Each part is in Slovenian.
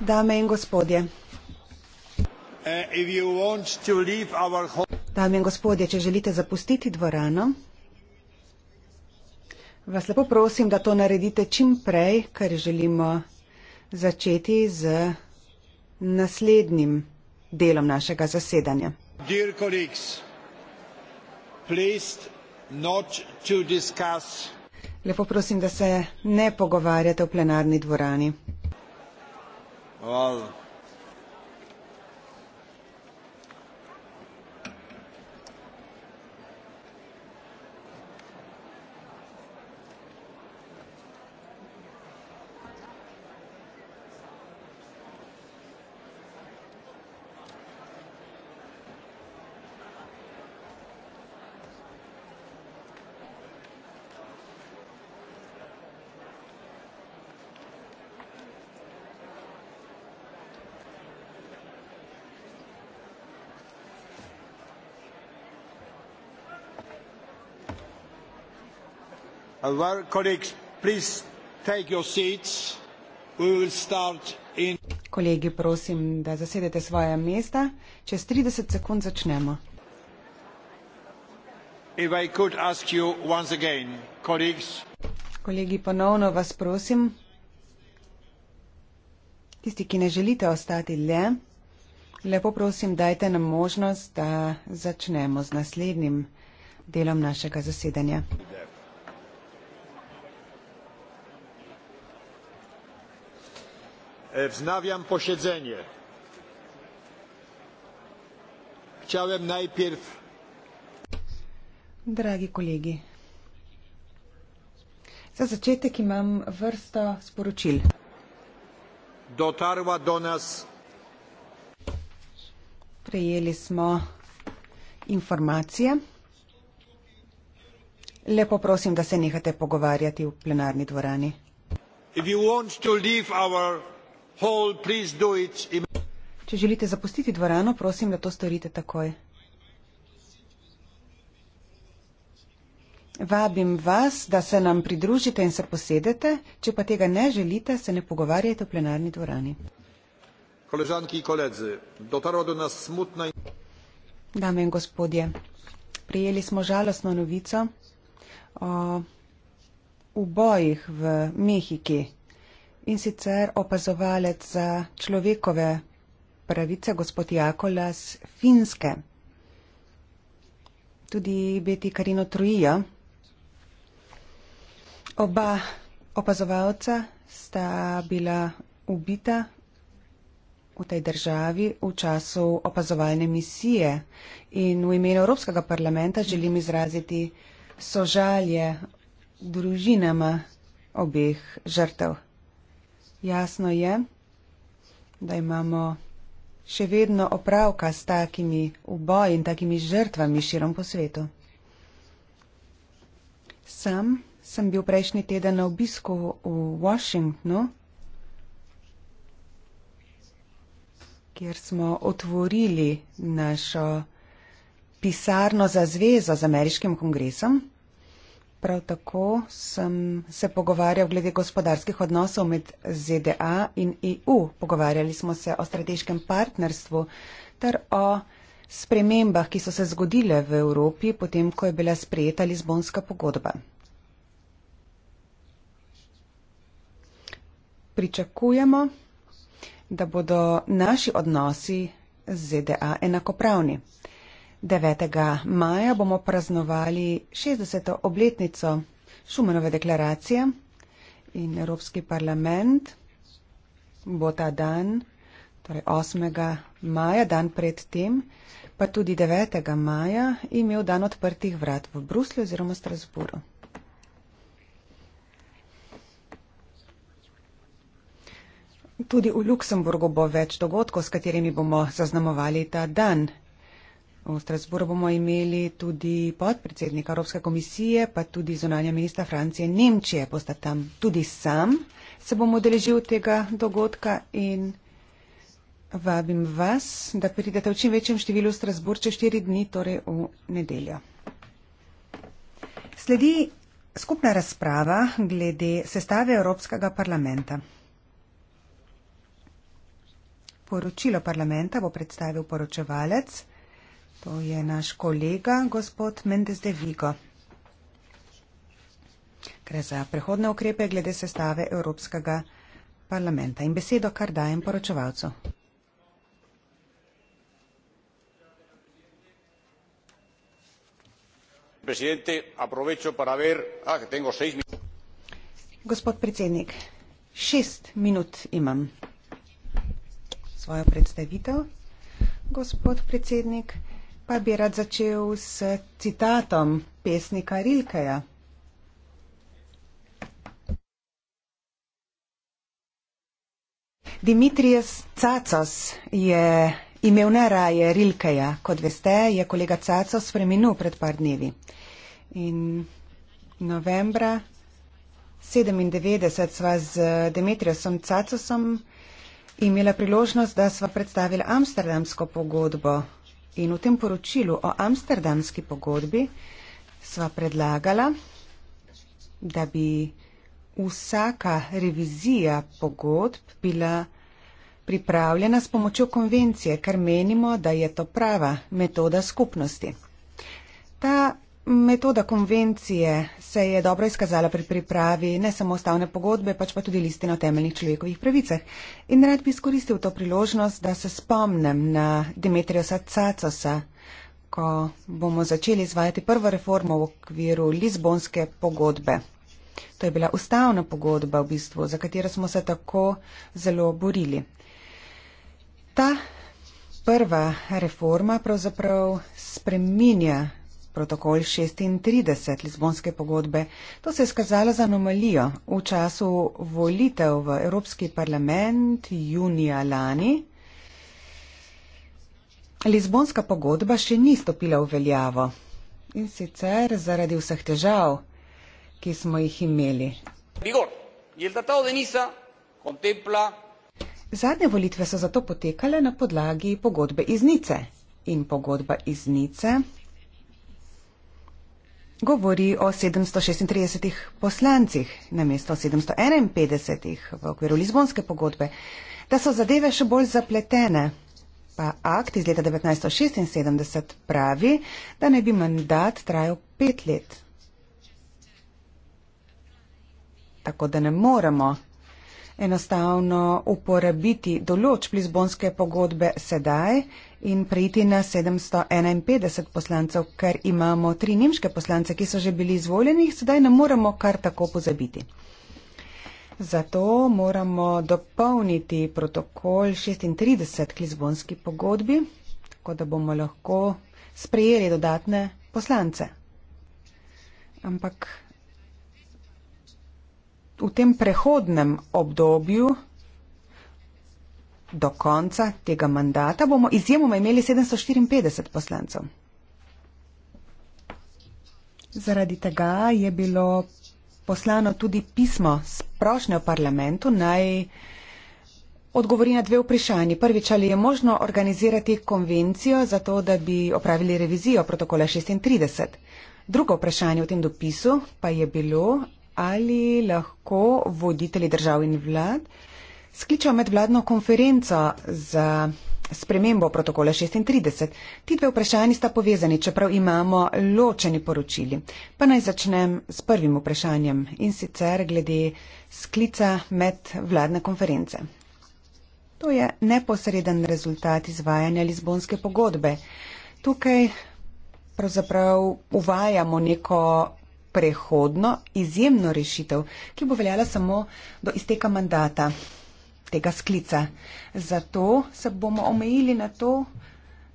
Dame in gospodje, eh, Dame in gospodje, če želite zapustiti dvorano, vas lepo prosim, da to naredite čim prej, ker želimo začeti z naslednjim delom našega zasedanja. Dear colleagues, please not to discuss Lepo prosim, da se ne pogovarjate v plenarni dvorani. Hvala. Uh, Kolegi, prosim, da zasedete svoje mesta. Čez 30 sekund začnemo. Again, Kolegi, ponovno vas prosim, tisti, ki ne želite ostati le, lepo prosim, dajte nam možnost, da začnemo z naslednjim delom našega zasedanja. Yeah. E, wznawiam posiedzenie chciałem najpierw dragi kolegi za začetek imam vrsto sporočil dotarła do nas prejeli smo informacije lepo prosim da se nehate pogovarjati v plenarni dvorani if you want to leave our Hold, Če želite zapustiti dvorano, prosim, da to storite takoj. Vabim vas, da se nam pridružite in se posedete. Če pa tega ne želite, se ne pogovarjajte v plenarni dvorani. Koležanki in koledzi, dotaro do nas smutna in... Dame in gospodje, prijeli smo žalostno novico o ubojih v Mehiki. In sicer opazovalec za človekove pravice, gospod Jakolas Finske. Tudi Beti Karino Trujija. Oba opazovalca sta bila ubita v tej državi v času opazovalne misije in v imenu Evropskega parlamenta želim izraziti sožalje družinama obeh žrtev. Jasno je, da imamo še vedno opravka s takimi uboji in takimi žrtvami širom po svetu. Sam sem bil prejšnji teden na obisku v Washingtonu, kjer smo otvorili našo pisarno za zvezo z ameriškim kongresom. Prav tako sem se pogovarjal glede gospodarskih odnosov med ZDA in EU. Pogovarjali smo se o strateškem partnerstvu ter o spremembah, ki so se zgodile v Evropi, potem ko je bila sprejeta Lizbonska pogodba. Pričakujemo, da bodo naši odnosi z ZDA enakopravni. 9. maja bomo praznovali 60. obletnico Šumanove deklaracije in Evropski parlament bo ta dan, torej 8. maja, dan pred tem, pa tudi 9. maja imel dan odprtih vrat v Bruslju oziroma Strasburu. Tudi v Luksemburgu bo več dogodkov, s katerimi bomo zaznamovali ta dan. V Strasburu bomo imeli tudi podpredsednika Evropske komisije, pa tudi zunanja ministra Francije in Nemčije. Bosta tam tudi sam, se bom odeležil tega dogodka in vabim vas, da pridete v čim večjem številu v Strasbur čez štiri dni, torej v nedeljo. Sledi skupna razprava glede sestave Evropskega parlamenta. Poročilo parlamenta bo predstavil poročevalec. To je naš kolega, gospod Mendes de Vigo. Gre za prehodne ukrepe glede sestave Evropskega parlamenta in besedo, kar dajem poročevalcu. Ah, gospod predsednik, šest minut imam svojo predstavitev. Gospod predsednik, pa bi rad začel s citatom pesnika Rilkeja. Dimitrijes Cacos je imel ne raje Rilkeja, kot veste, je kolega Cacos spremenil pred par dnevi. In novembra 97 sva z Dimitrijesom Cacosom imela priložnost, da sva predstavila amsterdamsko pogodbo In v tem poročilu o amsterdamski pogodbi sva predlagala, da bi vsaka revizija pogodb bila pripravljena s pomočjo konvencije, ker menimo, da je to prava metoda skupnosti. Ta Metoda konvencije se je dobro izkazala pri pripravi ne samo ustavne pogodbe, pač pa tudi listine o temeljnih človekovih pravicah. In rad bi izkoristil to priložnost, da se spomnem na Dimitrijosa Cacosa, ko bomo začeli izvajati prvo reformo v okviru Lizbonske pogodbe. To je bila ustavna pogodba, v bistvu, za katero smo se tako zelo borili. Ta prva reforma pravzaprav spreminja protokol 36 Lizbonske pogodbe. To se je skazalo za anomalijo. V času volitev v Evropski parlament junija lani Lizbonska pogodba še ni stopila v veljavo. In sicer zaradi vseh težav, ki smo jih imeli. Zadnje volitve so zato potekale na podlagi pogodbe iz Nice. In pogodba iz Nice govori o 736 poslancih na mesto 751 v okviru Lizbonske pogodbe, da so zadeve še bolj zapletene. Pa akt iz leta 1976 pravi, da naj bi mandat trajal pet let. Tako da ne moremo enostavno uporabiti določb Lizbonske pogodbe sedaj in prejiti na 751 poslancev, ker imamo tri nemške poslance, ki so že bili izvoljeni, sedaj ne moremo kar tako pozabiti. Zato moramo dopolniti protokol 36 k Lizbonski pogodbi, tako da bomo lahko sprejeli dodatne poslance. Ampak v tem prehodnem obdobju do konca tega mandata bomo izjemoma imeli 754 poslancev. Zaradi tega je bilo poslano tudi pismo s prošnjo parlamentu naj odgovori na dve vprašanje. Prvič, ali je možno organizirati konvencijo za to, da bi opravili revizijo protokola 36. Drugo vprašanje v tem dopisu pa je bilo, ali lahko voditelji držav in vlad skličajo medvladno konferenco za spremembo protokola 36. Ti dve vprašanji sta povezani, čeprav imamo ločeni poročili. Pa naj začnem s prvim vprašanjem in sicer glede sklica medvladne konference. To je neposreden rezultat izvajanja Lizbonske pogodbe. Tukaj pravzaprav uvajamo neko prehodno izjemno rešitev, ki bo veljala samo do izteka mandata tega sklica. Zato se bomo omejili na to,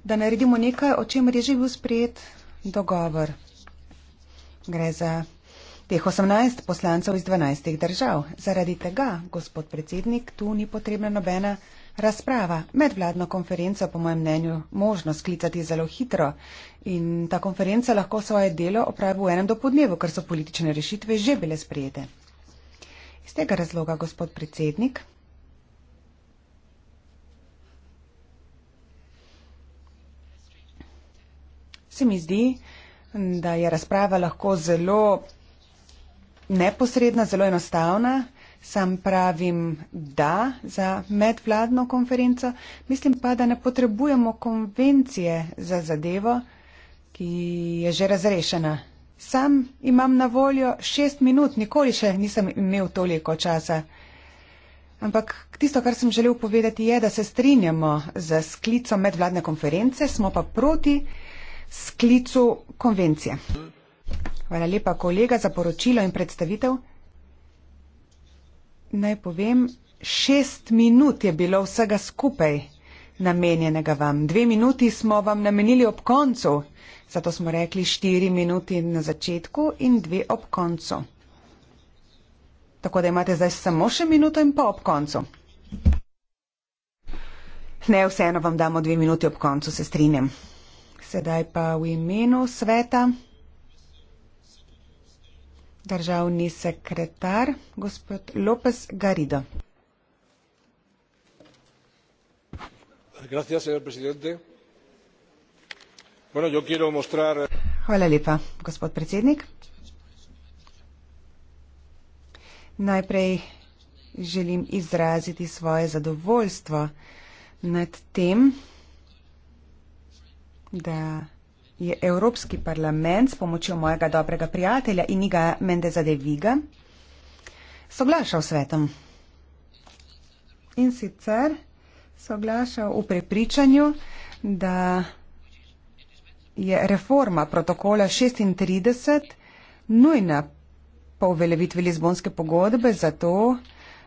da naredimo nekaj, o čem je že bil sprejet dogovor. Gre za teh 18 poslancev iz 12 držav. Zaradi tega, gospod predsednik, tu ni potrebna nobena. Razprava med vladno konferenco, po mojem mnenju, možno sklicati zelo hitro in ta konferenca lahko svoje delo opravi v enem dopodnevu, ker so politične rešitve že bile sprejete. Iz tega razloga, gospod predsednik. Se mi zdi, da je razprava lahko zelo neposredna, zelo enostavna. Sam pravim da za medvladno konferenco, mislim pa, da ne potrebujemo konvencije za zadevo, ki je že razrešena. Sam imam na voljo šest minut, nikoli še nisem imel toliko časa. Ampak tisto, kar sem želel povedati, je, da se strinjamo za sklico medvladne konference, smo pa proti sklicu konvencije. Hvala lepa, kolega, za poročilo in predstavitev naj povem, šest minut je bilo vsega skupaj namenjenega vam. Dve minuti smo vam namenili ob koncu, zato smo rekli štiri minuti na začetku in dve ob koncu. Tako da imate zdaj samo še minuto in pa ob koncu. Ne, vseeno vam damo dve minuti ob koncu, se strinjam. Sedaj pa v imenu sveta državni sekretar, gospod López Garrido. Gracias, señor presidente. Bueno, yo quiero mostrar... Eh, Hvala lepa, gospod predsednik. Najprej želim izraziti svoje zadovoljstvo nad tem, da je Evropski parlament s pomočjo mojega dobrega prijatelja Iniga Mendeza de Viga soglašal s svetom. In sicer soglašal v prepričanju, da je reforma protokola 36 nujna po uveljavitvi Lizbonske pogodbe zato,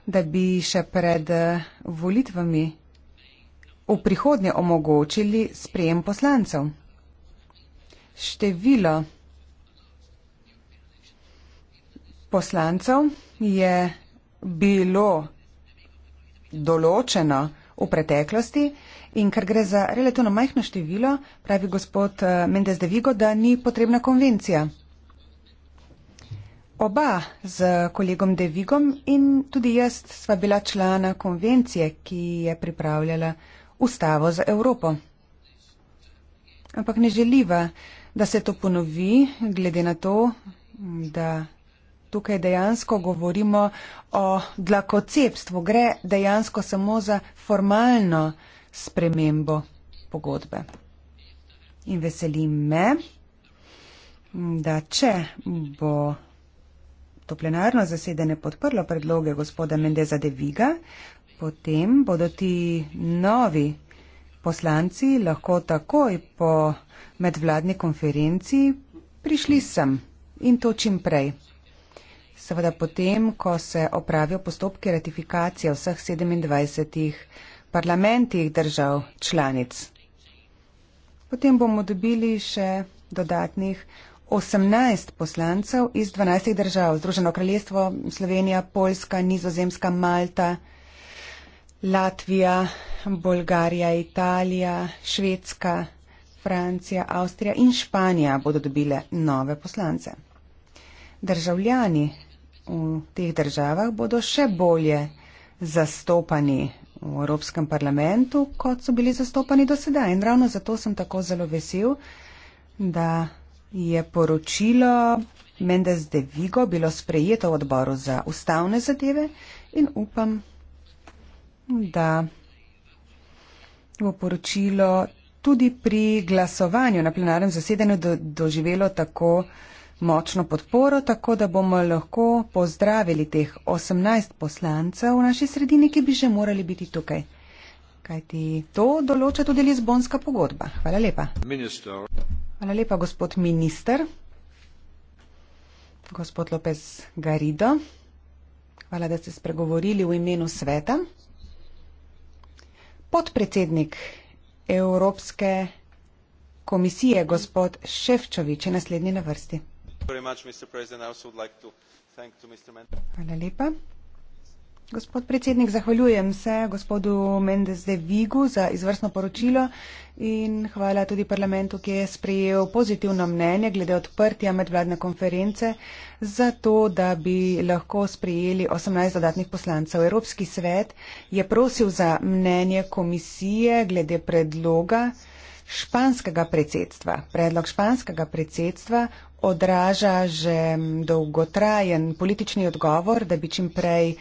da bi še pred volitvami v prihodnje omogočili sprejem poslancev. Število poslancev je bilo določeno v preteklosti in ker gre za relativno majhno število, pravi gospod eh, Mendes de Vigo, da ni potrebna konvencija. Oba z kolegom de Vigom in tudi jaz sva bila člana konvencije, ki je pripravljala ustavo za Evropo. Ampak ne želiva da se to ponovi, glede na to, da tukaj dejansko govorimo o dlakocepstvu. Gre dejansko samo za formalno spremembo pogodbe. In veseli me, da če bo to plenarno zasedanje podprlo predloge gospoda Mendeza de Viga, potem bodo ti novi poslanci lahko takoj po medvladni konferenci prišli sem in to čim prej. Seveda potem, ko se opravijo postopki ratifikacije vseh 27 parlamentih držav članic. Potem bomo dobili še dodatnih 18 poslancev iz 12 držav. Združeno kraljestvo, Slovenija, Poljska, Nizozemska, Malta. Latvija, Bolgarija, Italija, Švedska, Francija, Avstrija in Španija bodo dobile nove poslance. Državljani v teh državah bodo še bolje zastopani v Evropskem parlamentu, kot so bili zastopani do sedaj. In ravno zato sem tako zelo vesel, da je poročilo Mendes de Vigo bilo sprejeto v odboru za ustavne zadeve in upam, da bo poročilo tudi pri glasovanju na plenarnem zasedanju do, doživelo tako močno podporo, tako da bomo lahko pozdravili teh 18 poslancev v naši sredini, ki bi že morali biti tukaj. Kajti to določa tudi Lizbonska pogodba. Hvala lepa. Minister. Hvala lepa, gospod minister. Gospod Lopez Garido. Hvala, da ste spregovorili v imenu sveta podpredsednik Evropske komisije, gospod Ševčovič, je naslednji na vrsti. Hvala lepa. Gospod predsednik, zahvaljujem se gospodu Mendez de Vigu za izvrstno poročilo in hvala tudi parlamentu, ki je sprejel pozitivno mnenje glede odprtja medvladne konference za to, da bi lahko sprejeli 18 dodatnih poslancev. Evropski svet je prosil za mnenje komisije glede predloga španskega predsedstva. Predlog španskega predsedstva odraža že dolgotrajen politični odgovor, da bi čim prej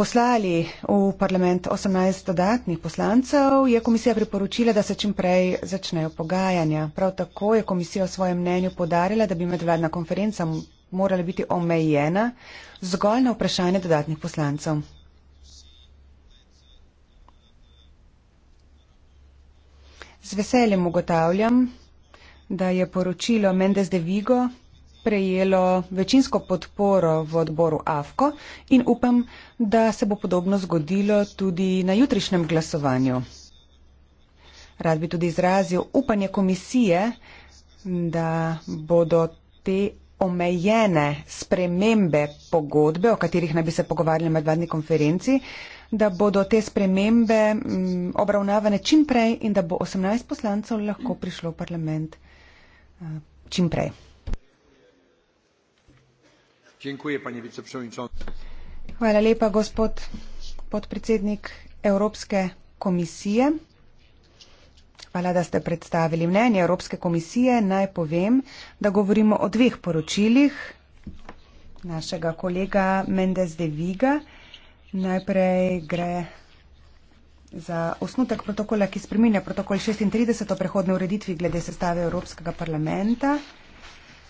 poslali v parlament 18 dodatnih poslancev, je komisija priporočila, da se čimprej začnejo pogajanja. Prav tako je komisija v svojem mnenju podarila, da bi medvladna konferenca morala biti omejena zgolj na vprašanje dodatnih poslancev. Z veseljem ugotavljam, da je poročilo Mendes de Vigo prejelo večinsko podporo v odboru AFKO in upam, da se bo podobno zgodilo tudi na jutrišnjem glasovanju. Rad bi tudi izrazil upanje komisije, da bodo te omejene spremembe pogodbe, o katerih naj bi se pogovarjali na medvladni konferenci, da bodo te spremembe mm, obravnavane čimprej in da bo 18 poslancev lahko prišlo v parlament eh, čimprej gospod podpredsednik Evropske komisije. Hvala, da ste predstavili mnenje Evropske komisije. Naj povem, da govorimo o dveh poročilih našega kolega Mendes de Viga. Najprej gre za osnutek protokola, ki spreminja protokol 36 o prehodne ureditvi glede sestave Evropskega parlamenta.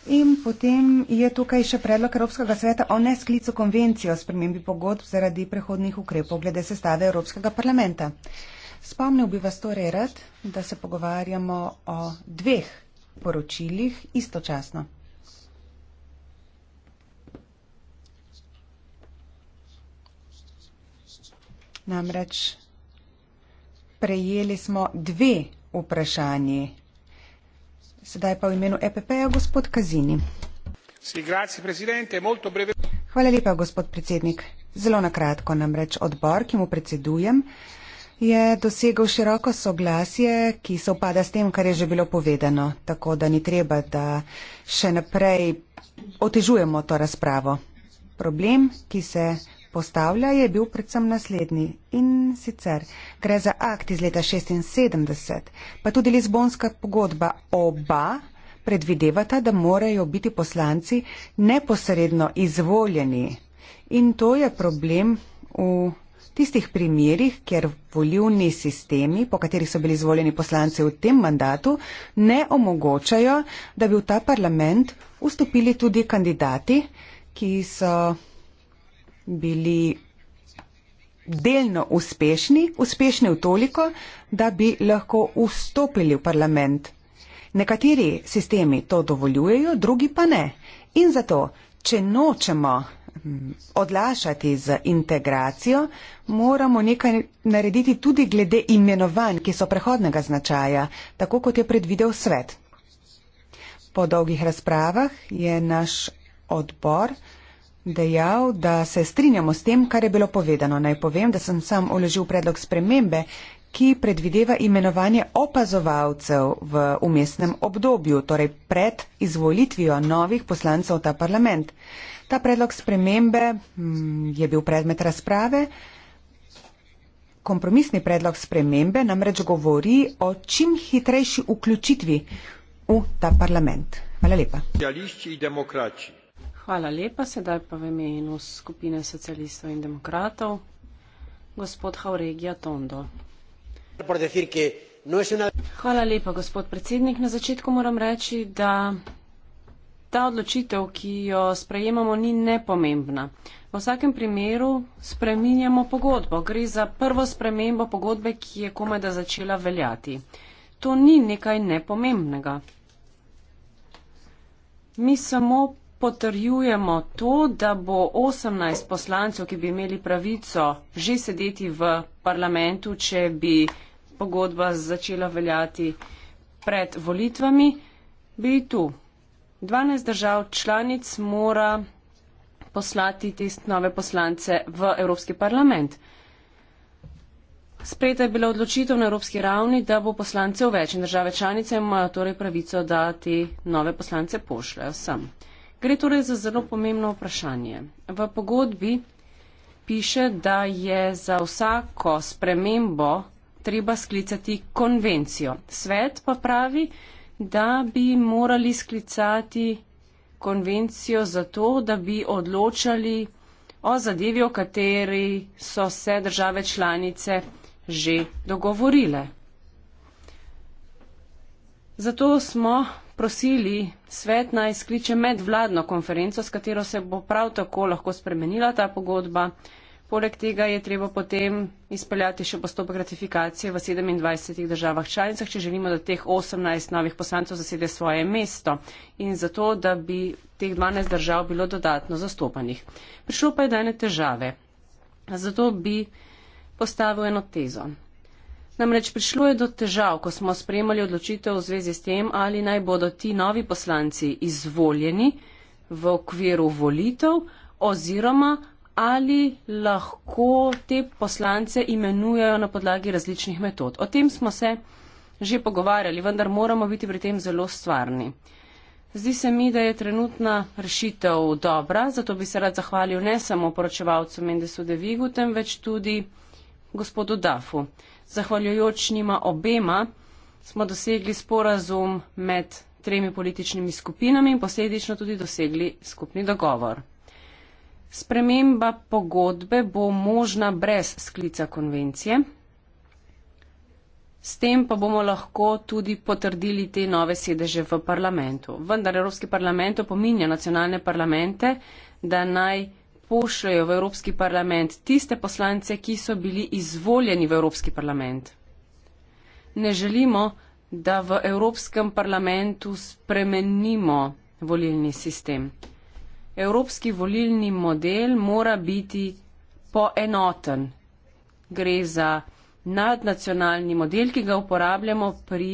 In potem je tukaj še predlog Evropskega sveta o nesklicu konvencije o spremembi pogodb zaradi prehodnih ukrepov glede sestave Evropskega parlamenta. Spomnil bi vas torej rad, da se pogovarjamo o dveh poročilih istočasno. Namreč prejeli smo dve vprašanje Sedaj pa v imenu EPP-ja gospod Kazini. Hvala lepa, gospod predsednik. Zelo nakratko namreč odbor, ki mu predsedujem, je dosegal široko soglasje, ki se upada s tem, kar je že bilo povedano, tako da ni treba, da še naprej otežujemo to razpravo. Problem, ki se postavlja je bil predvsem naslednji in sicer gre za akt iz leta 76, pa tudi Lizbonska pogodba oba predvidevata, da morajo biti poslanci neposredno izvoljeni. In to je problem v tistih primerjih, kjer volivni sistemi, po katerih so bili izvoljeni poslanci v tem mandatu, ne omogočajo, da bi v ta parlament vstopili tudi kandidati, ki so bili delno uspešni, uspešni v toliko, da bi lahko vstopili v parlament. Nekateri sistemi to dovoljujejo, drugi pa ne. In zato, če nočemo mm, odlašati z integracijo, moramo nekaj narediti tudi glede imenovanj, ki so prehodnega značaja, tako kot je predvidel svet. Po dolgih razpravah je naš odbor dejal, da se strinjamo s tem, kar je bilo povedano. Naj povem, da sem sam uložil predlog spremembe, ki predvideva imenovanje opazovalcev v umestnem obdobju, torej pred izvolitvijo novih poslancev v ta parlament. Ta predlog spremembe mm, je bil predmet razprave. Kompromisni predlog spremembe namreč govori o čim hitrejši vključitvi v ta parlament. Hvala lepa. Socialisti in demokrati, Hvala lepa, sedaj pa v imenu skupine socialistov in demokratov gospod Hauregija Tondo. No Hvala lepa, gospod predsednik. Na začetku moram reči, da ta odločitev, ki jo sprejemamo, ni nepomembna. V vsakem primeru spreminjamo pogodbo. Gre za prvo spremembo pogodbe, ki je komaj da začela veljati. To ni nekaj nepomembnega. Mi samo potrjujemo to, da bo 18 poslancev, ki bi imeli pravico že sedeti v parlamentu, če bi pogodba začela veljati pred volitvami, bi tu. 12 držav članic mora poslati te nove poslance v Evropski parlament. Sprejeta je bila odločitev na evropski ravni, da bo poslancev več in države članice imajo torej pravico, da te nove poslance pošljajo sem. Gre torej za zelo pomembno vprašanje. V pogodbi piše, da je za vsako spremembo treba sklicati konvencijo. Svet pa pravi, da bi morali sklicati konvencijo zato, da bi odločali o zadevi, o kateri so se države članice že dogovorile. Zato smo prosili svet naj skliče medvladno konferenco, s katero se bo prav tako lahko spremenila ta pogodba. Poleg tega je treba potem izpeljati še postopek ratifikacije v 27 državah članicah, če želimo, da teh 18 novih poslancev zasede svoje mesto in zato, da bi teh 12 držav bilo dodatno zastopanih. Prišlo pa je dane težave. Zato bi postavil eno tezo. Namreč prišlo je do težav, ko smo sprejemali odločitev v zvezi s tem, ali naj bodo ti novi poslanci izvoljeni v okviru volitev oziroma ali lahko te poslance imenujejo na podlagi različnih metod. O tem smo se že pogovarjali, vendar moramo biti pri tem zelo stvarni. Zdi se mi, da je trenutna rešitev dobra, zato bi se rad zahvalil ne samo poročevalcu Mendesu Devigu, temveč tudi gospodu Dafu. Zahvaljujoč njima obema smo dosegli sporazum med tremi političnimi skupinami in posledično tudi dosegli skupni dogovor. Sprememba pogodbe bo možna brez sklica konvencije. S tem pa bomo lahko tudi potrdili te nove sedeže v parlamentu. Vendar Evropski parlament opominja nacionalne parlamente, da naj pošljajo v Evropski parlament tiste poslance, ki so bili izvoljeni v Evropski parlament. Ne želimo, da v Evropskem parlamentu spremenimo volilni sistem. Evropski volilni model mora biti poenoten. Gre za nadnacionalni model, ki ga uporabljamo pri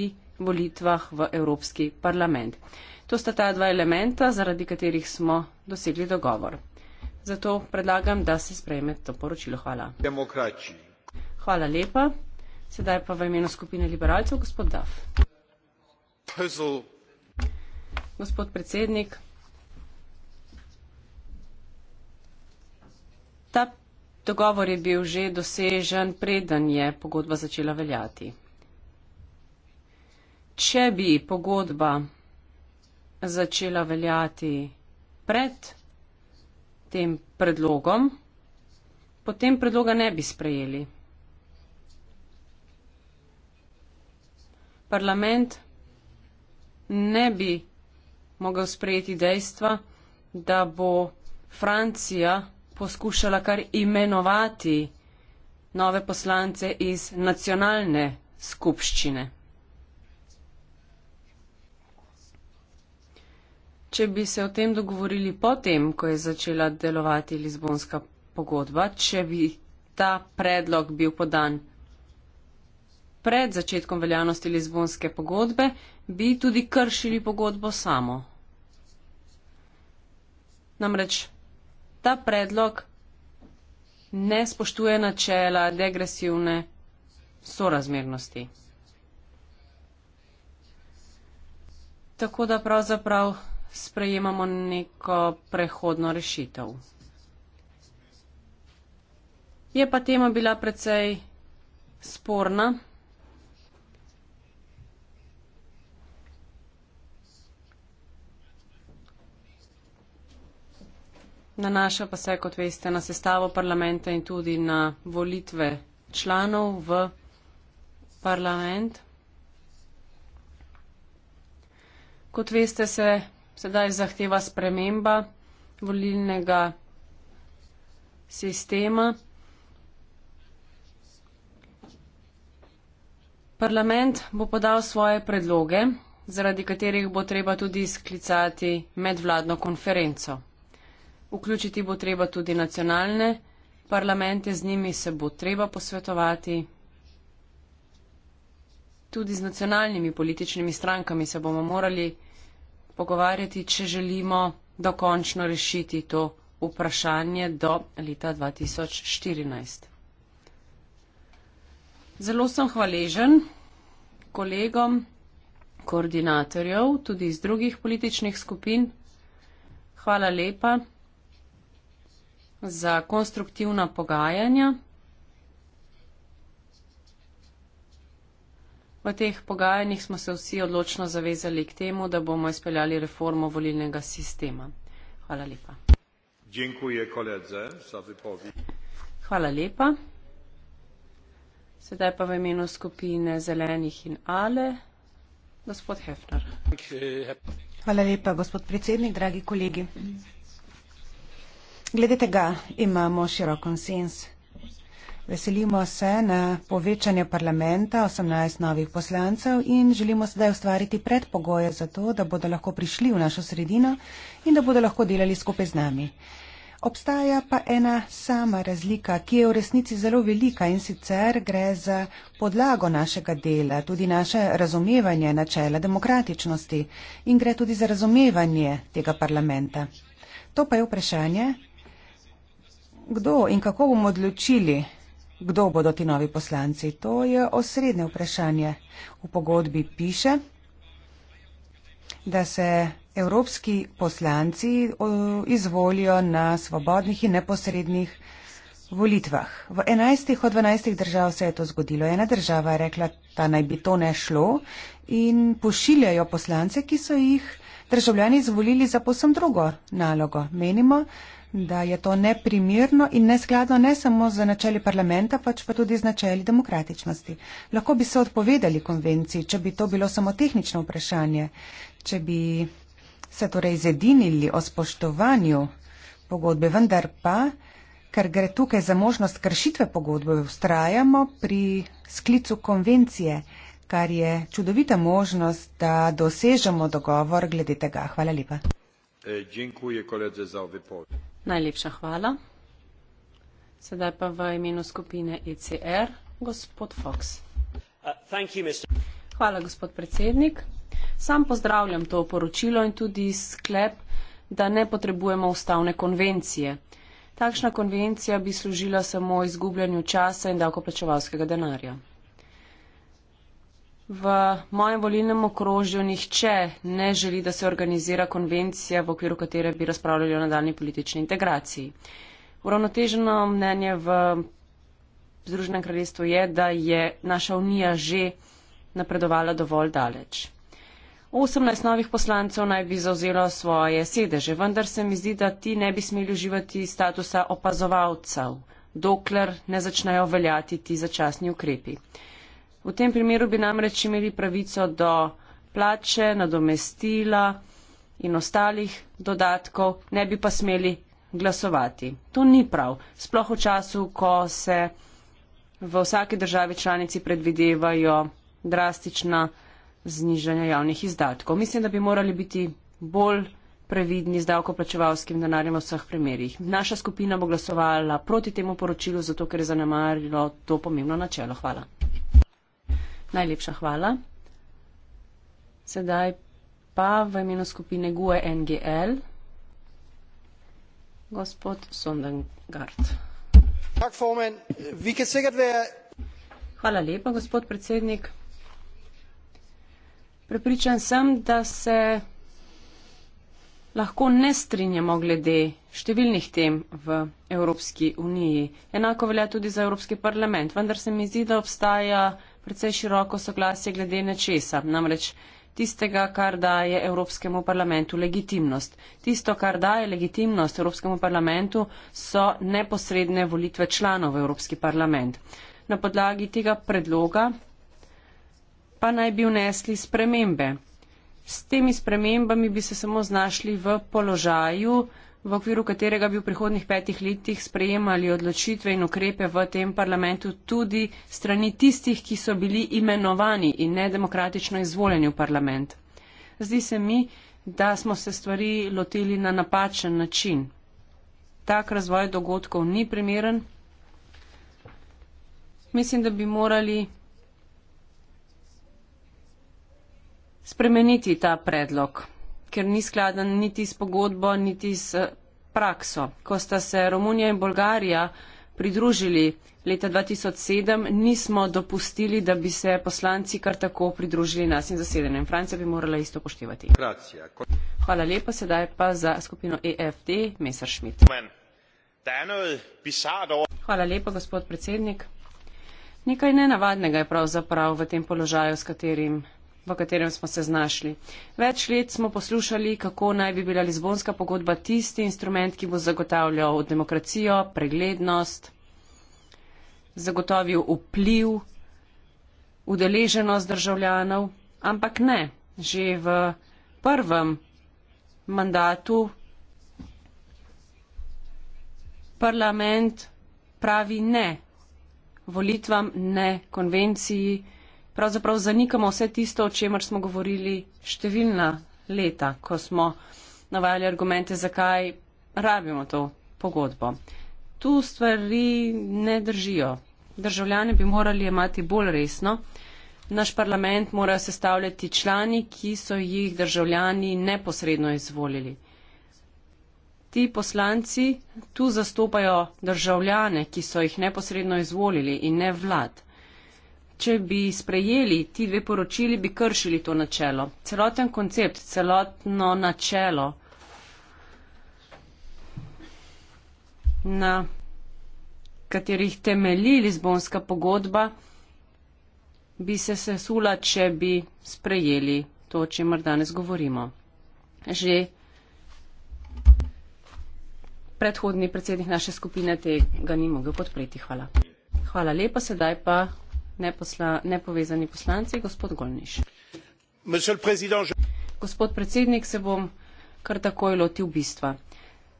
volitvah v Evropski parlament. To sta ta dva elementa, zaradi katerih smo dosegli dogovor. Zato predlagam, da se sprejme to poročilo. Hvala. Demokrači. Hvala lepa. Sedaj pa v imenu skupine liberalcev, gospod Daf. Puzzle. Gospod predsednik. Ta dogovor je bil že dosežen, preden je pogodba začela veljati. Če bi pogodba začela veljati pred tem predlogom, potem predloga ne bi sprejeli. Parlament ne bi mogel sprejeti dejstva, da bo Francija poskušala kar imenovati nove poslance iz nacionalne skupščine. če bi se o tem dogovorili potem, ko je začela delovati Lizbonska pogodba, če bi ta predlog bil podan pred začetkom veljavnosti Lizbonske pogodbe, bi tudi kršili pogodbo samo. Namreč ta predlog ne spoštuje načela degresivne sorazmernosti. Tako da pravzaprav sprejemamo neko prehodno rešitev. Je pa tema bila precej sporna. Nanaša pa se, kot veste, na sestavo parlamenta in tudi na volitve članov v parlament. Kot veste, se sedaj zahteva sprememba volilnega sistema. Parlament bo podal svoje predloge, zaradi katerih bo treba tudi sklicati medvladno konferenco. Vključiti bo treba tudi nacionalne parlamente, z njimi se bo treba posvetovati. Tudi z nacionalnimi političnimi strankami se bomo morali posvetovati pogovarjati, če želimo dokončno rešiti to vprašanje do leta 2014. Zelo sem hvaležen kolegom, koordinatorjev, tudi iz drugih političnih skupin. Hvala lepa za konstruktivna pogajanja. V teh pogajanjih smo se vsi odločno zavezali k temu, da bomo izpeljali reformo volilnega sistema. Hvala lepa. Hvala lepa. Sedaj pa v imenu skupine Zelenih in Ale, gospod Hefner. Hvala lepa, gospod predsednik, dragi kolegi. Glede tega imamo širok konsens. Veselimo se na povečanje parlamenta, 18 novih poslancev in želimo sedaj ustvariti predpogoje za to, da bodo lahko prišli v našo sredino in da bodo lahko delali skupaj z nami. Obstaja pa ena sama razlika, ki je v resnici zelo velika in sicer gre za podlago našega dela, tudi naše razumevanje načela demokratičnosti in gre tudi za razumevanje tega parlamenta. To pa je vprašanje, kdo in kako bomo odločili, Kdo bodo ti novi poslanci? To je osrednje vprašanje. V pogodbi piše, da se evropski poslanci izvolijo na svobodnih in neposrednih volitvah. V 11 od 12 držav se je to zgodilo. Ena država je rekla, da naj bi to ne šlo in pošiljajo poslance, ki so jih državljani izvolili za posem drugo nalogo. Menimo, da je to neprimirno in neskladno ne samo z načeli parlamenta, pač pa tudi z načeli demokratičnosti. Lahko bi se odpovedali konvenciji, če bi to bilo samo tehnično vprašanje, če bi se torej zedinili o spoštovanju pogodbe, vendar pa ker gre tukaj za možnost kršitve pogodbe, ustrajamo pri sklicu konvencije, kar je čudovita možnost, da dosežemo dogovor glede tega. Hvala lepa. E, Najlepša hvala. Sedaj pa v imenu skupine ECR gospod Fox. Uh, hvala, gospod predsednik. Sam pozdravljam to poročilo in tudi sklep, da ne potrebujemo ustavne konvencije. Takšna konvencija bi služila samo izgubljanju časa in davkoplačevalskega denarja. V mojem volilnem okrožju nihče ne želi, da se organizira konvencija, v okviru katere bi razpravljali o nadaljni politični integraciji. Uravnoteženo mnenje v Združenem kraljestvu je, da je naša unija že napredovala dovolj daleč. 18 novih poslancev naj bi zauzelo svoje sedeže, vendar se mi zdi, da ti ne bi smeli uživati statusa opazovalcev, dokler ne začnejo veljati ti začasni ukrepi. V tem primeru bi namreč imeli pravico do plače, nadomestila in ostalih dodatkov, ne bi pa smeli glasovati. To ni prav, sploh v času, ko se v vsaki državi članici predvidevajo drastična znižanja javnih izdatkov. Mislim, da bi morali biti bolj previdni z davkoplačevalskim denarjem v vseh primerjih. Naša skupina bo glasovala proti temu poročilu, zato ker je zanemarilo to pomembno načelo. Hvala. Najlepša hvala. Sedaj pa v imenu skupine GUE NGL gospod Sondengard. Hvala lepa, gospod predsednik. Prepričan sem, da se lahko ne strinjamo glede številnih tem v Evropski uniji. Enako velja tudi za Evropski parlament, vendar se mi zdi, da obstaja precej široko soglasje glede nečesa, namreč tistega, kar daje Evropskemu parlamentu legitimnost. Tisto, kar daje legitimnost Evropskemu parlamentu, so neposredne volitve članov v Evropski parlament. Na podlagi tega predloga pa naj bi vnesli spremembe. S temi spremembami bi se samo znašli v položaju, v okviru katerega bi v prihodnih petih letih sprejemali odločitve in ukrepe v tem parlamentu tudi strani tistih, ki so bili imenovani in nedemokratično izvoljeni v parlament. Zdi se mi, da smo se stvari lotili na napačen način. Tak razvoj dogodkov ni primeren. Mislim, da bi morali spremeniti ta predlog, ker ni skladen niti s pogodbo, niti s eh, prakso. Ko sta se Romunija in Bolgarija pridružili leta 2007, nismo dopustili, da bi se poslanci kar tako pridružili nas in zasedenjem. Francija bi morala isto poštevati. Hvala lepa, sedaj pa za skupino EFD, Messerschmidt. Er Hvala lepa, gospod predsednik. Nekaj nenavadnega je pravzaprav v tem položaju, s katerim v katerem smo se znašli. Več let smo poslušali, kako naj bi bila Lizbonska pogodba tisti instrument, ki bo zagotavljal demokracijo, preglednost, zagotovil vpliv, udeleženost državljanov, ampak ne, že v prvem mandatu parlament pravi ne volitvam, ne konvenciji, pravzaprav zanikamo vse tisto, o čemer smo govorili številna leta, ko smo navajali argumente, zakaj rabimo to pogodbo. Tu stvari ne držijo. Državljane bi morali imati bolj resno. Naš parlament mora sestavljati člani, ki so jih državljani neposredno izvolili. Ti poslanci tu zastopajo državljane, ki so jih neposredno izvolili in ne vlad če bi sprejeli ti dve poročili, bi kršili to načelo. Celoten koncept, celotno načelo. Na katerih temelji Lizbonska pogodba, bi se sesula, če bi sprejeli to, o čemer danes govorimo. Že predhodni predsednik naše skupine tega ni mogel podpreti. Hvala. Hvala lepa, sedaj pa gospod predsednik se bom kar takoj lotil bistva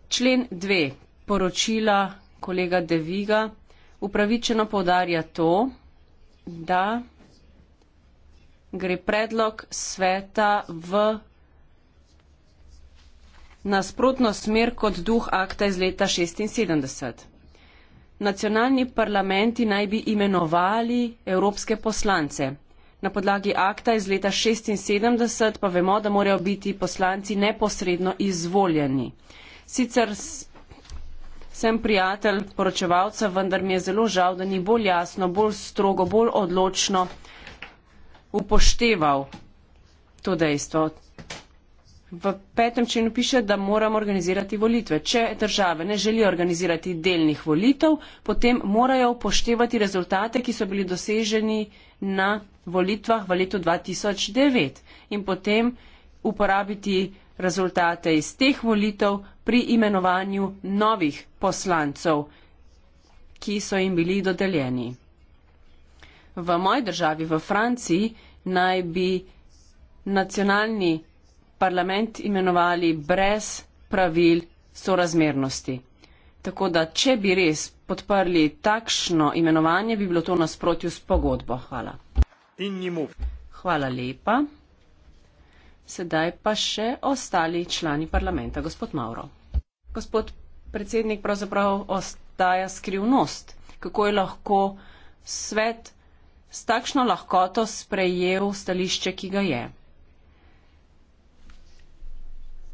člen dve poročila kolega de viga upravičeno poudarja to da gre predlog sveta v nasprotno smer kot duh akta iz leta šestinsedemdeset Nacionalni parlamenti naj bi imenovali evropske poslance. Na podlagi akta iz leta 1976 pa vemo, da morajo biti poslanci neposredno izvoljeni. Sicer sem prijatelj poročevalca, vendar mi je zelo žal, da ni bolj jasno, bolj strogo, bolj odločno upošteval to dejstvo. V petem členu piše, da moramo organizirati volitve. Če države ne želijo organizirati delnih volitev, potem morajo upoštevati rezultate, ki so bili doseženi na volitvah v letu 2009 in potem uporabiti rezultate iz teh volitev pri imenovanju novih poslancev, ki so jim bili dodeljeni. V moji državi, v Franciji, naj bi nacionalni parlament imenovali brez pravil sorazmernosti. Tako da, če bi res podprli takšno imenovanje, bi bilo to nasprotju s pogodbo. Hvala. Hvala lepa. Sedaj pa še ostali člani parlamenta, gospod Mauro. Gospod predsednik, pravzaprav ostaja skrivnost, kako je lahko svet s takšno lahkoto sprejel stališče, ki ga je.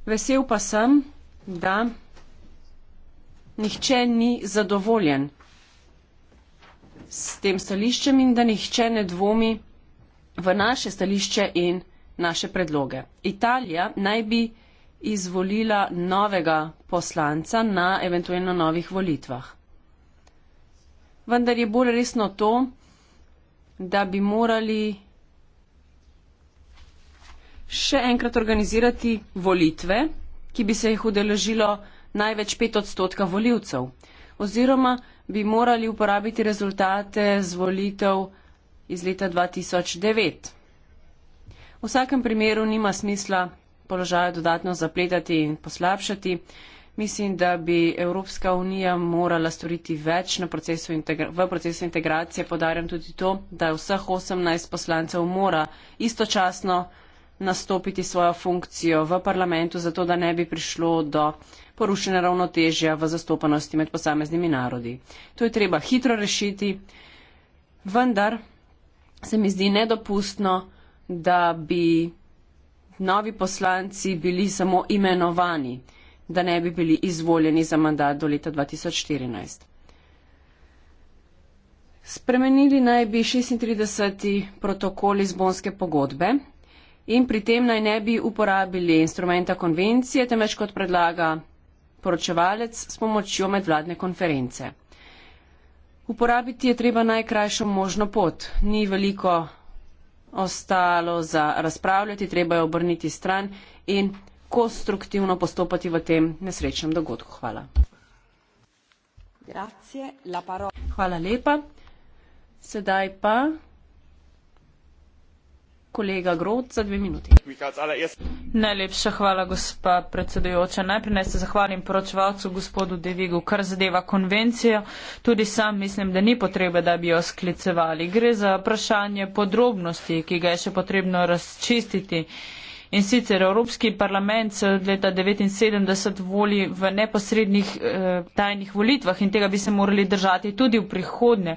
Vesel pa sem, da nihče ni zadovoljen s tem stališčem in da nihče ne dvomi v naše stališče in naše predloge. Italija naj bi izvolila novega poslanca na eventualno novih volitvah. Vendar je bolj resno to, da bi morali še enkrat organizirati volitve, ki bi se jih udeležilo največ pet odstotka voljivcev, oziroma bi morali uporabiti rezultate z volitev iz leta 2009. V vsakem primeru nima smisla položaja dodatno zapletati in poslabšati. Mislim, da bi Evropska unija morala storiti več procesu integra- v procesu integracije. Podarjam tudi to, da vseh 18 poslancev mora istočasno nastopiti svojo funkcijo v parlamentu, zato da ne bi prišlo do porušene ravnotežja v zastopanosti med posameznimi narodi. To je treba hitro rešiti, vendar se mi zdi nedopustno, da bi novi poslanci bili samo imenovani, da ne bi bili izvoljeni za mandat do leta 2014. Spremenili naj bi 36. protokol iz Bonske pogodbe, in pri tem naj ne bi uporabili instrumenta konvencije, temveč kot predlaga poročevalec s pomočjo medvladne konference. Uporabiti je treba najkrajšo možno pot. Ni veliko ostalo za razpravljati, treba je obrniti stran in konstruktivno postopati v tem nesrečnem dogodku. Hvala. Hvala lepa. Sedaj pa kolega Grod za dve minuti. Najlepša hvala, gospa predsedujoča. Najprej naj se zahvalim poročevalcu gospodu Devigu, kar zadeva konvencijo. Tudi sam mislim, da ni potrebe, da bi jo sklicevali. Gre za vprašanje podrobnosti, ki ga je še potrebno razčistiti. In sicer Evropski parlament se od leta 1979 voli v neposrednih eh, tajnih volitvah in tega bi se morali držati tudi v prihodnje.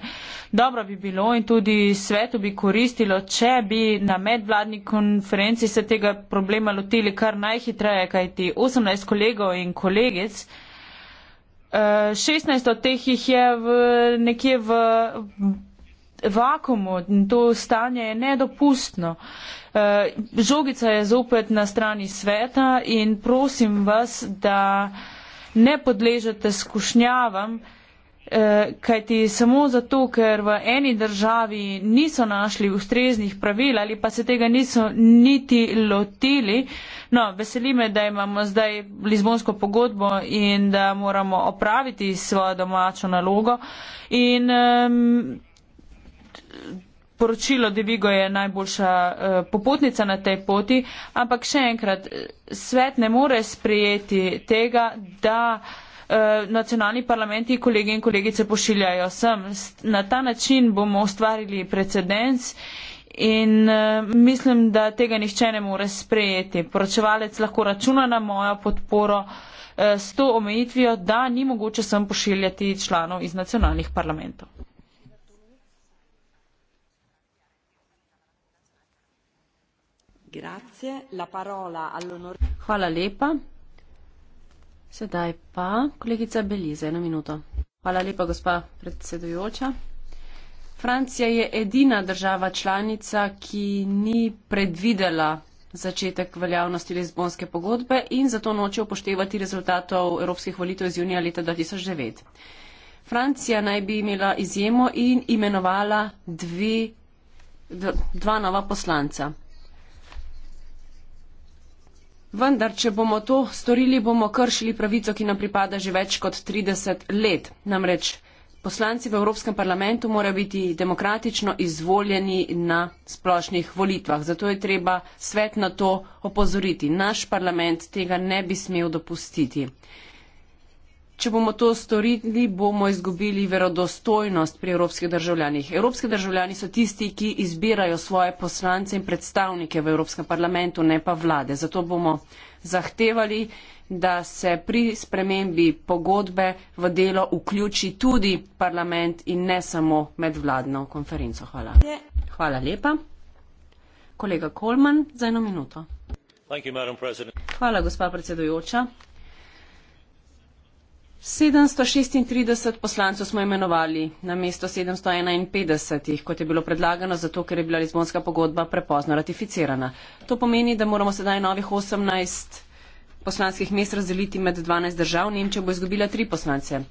Dobro bi bilo in tudi svetu bi koristilo, če bi na medvladni konferenci se tega problema lotili kar najhitreje, kajti 18 kolegov in kolegic. 16 eh, od teh jih je v, nekje v vakumu in to stanje je nedopustno. E, žogica je zopet na strani sveta in prosim vas, da ne podležete skušnjavam, e, kajti samo zato, ker v eni državi niso našli ustreznih pravil ali pa se tega niso niti lotili. No, veseli me, da imamo zdaj Lizbonsko pogodbo in da moramo opraviti svojo domačo nalogo. In, um, poročilo Devigo je najboljša eh, popotnica na tej poti, ampak še enkrat, eh, svet ne more sprejeti tega, da eh, nacionalni parlamenti kolegi in kolegice pošiljajo sem. Na ta način bomo ustvarili precedens. In uh, mislim, da tega nihče ne more sprejeti. Poročevalec lahko računa na mojo podporo uh, s to omejitvijo, da ni mogoče sem pošiljati članov iz nacionalnih parlamentov. francija je edina država članica ki ni predvidela začetek veljavnosti lizbonske pogodbe in zato noče upoštevati rezultatov evropskih volitev iz junija leta 2009. Francija naj bi imela izjemo in imenovala dve, dva nova poslanca. Vendar, če bomo to storili, bomo kršili pravico, ki nam pripada že več kot 30 let. Namreč poslanci v Evropskem parlamentu morajo biti demokratično izvoljeni na splošnih volitvah. Zato je treba svet na to opozoriti. Naš parlament tega ne bi smel dopustiti. Če bomo to storili, bomo izgubili verodostojnost pri evropskih državljanih. Evropski državljani so tisti, ki izbirajo svoje poslance in predstavnike v Evropskem parlamentu, ne pa vlade. Zato bomo zahtevali, da se pri spremembi pogodbe v delo vključi tudi parlament in ne samo medvladno konferenco. Hvala. Hvala lepa. Kolega Kolman, za eno minuto. Hvala, gospa predsedujoča. 736 poslancev smo imenovali na mesto 751, kot je bilo predlagano, zato ker je bila Lizbonska pogodba prepozno ratificirana. To pomeni, da moramo sedaj novih 18 poslanskih mest razdeliti med 12 držav, Nemčija bo izgubila tri poslance.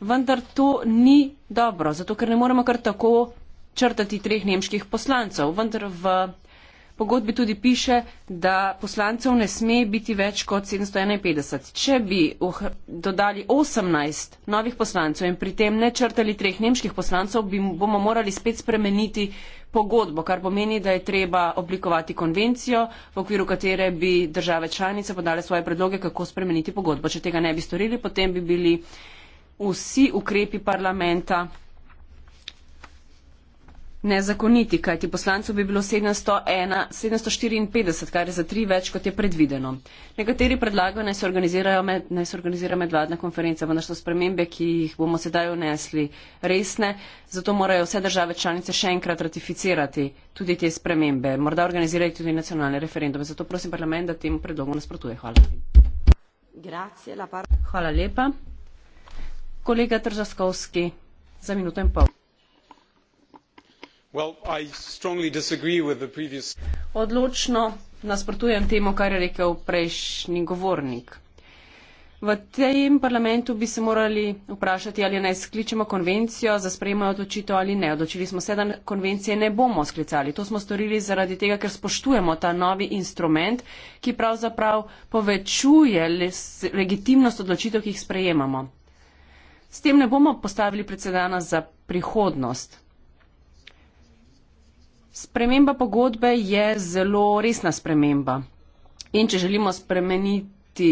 Vendar to ni dobro, zato ker ne moremo kar tako črtati treh nemških poslancev. Vendar v pogodbi tudi piše, da poslancev ne sme biti več kot 751. Če bi uh, dodali 18 novih poslancev in pri tem ne črtali treh nemških poslancev, bi, bomo morali spet spremeniti pogodbo, kar pomeni, da je treba oblikovati konvencijo, v okviru katere bi države članice podale svoje predloge, kako spremeniti pogodbo. Če tega ne bi storili, potem bi bili vsi ukrepi parlamenta nezakoniti, kajti poslancev bi bilo 701, 754, kar je za tri več, kot je predvideno. Nekateri predlagajo, naj se organizirajo med, naj se organizira medvladna konferenca, vendar so spremembe, ki jih bomo sedaj unesli, resne, zato morajo vse države članice še enkrat ratificirati tudi te spremembe, morda organizirati tudi nacionalne referendume. Zato prosim parlament, da temu predlogu nasprotuje. Hvala. Hvala lepa. Kolega Tržaskovski, za minuto in pol. Odločno nasprotujem temu, kar je rekel prejšnji govornik. V tem parlamentu bi se morali vprašati, ali naj skličemo konvencijo za sprejemanje odločitev ali ne. Odločili smo se, da konvencije ne bomo sklicali. To smo storili zaradi tega, ker spoštujemo ta novi instrument, ki pravzaprav povečuje legitimnost odločitev, ki jih sprejemamo. S tem ne bomo postavili predsedana za prihodnost. Sprememba pogodbe je zelo resna sprememba. In če želimo spremeniti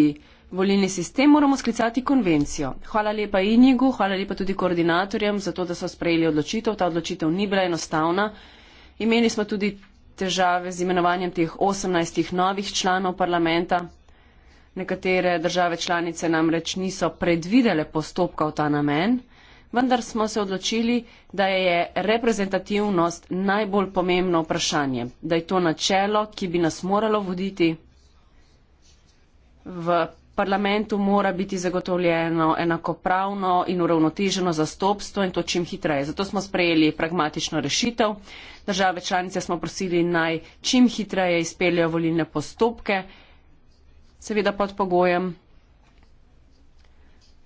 volilni sistem, moramo sklicati konvencijo. Hvala lepa Inigu, hvala lepa tudi koordinatorjem za to, da so sprejeli odločitev. Ta odločitev ni bila enostavna. Imeli smo tudi težave z imenovanjem teh 18 novih članov parlamenta. Nekatere države članice namreč niso predvidele postopka v ta namen vendar smo se odločili, da je reprezentativnost najbolj pomembno vprašanje, da je to načelo, ki bi nas moralo voditi. V parlamentu mora biti zagotovljeno enakopravno in uravnoteženo zastopstvo in to čim hitreje. Zato smo sprejeli pragmatično rešitev. Države članice smo prosili naj čim hitreje izpeljajo volilne postopke, seveda pod pogojem,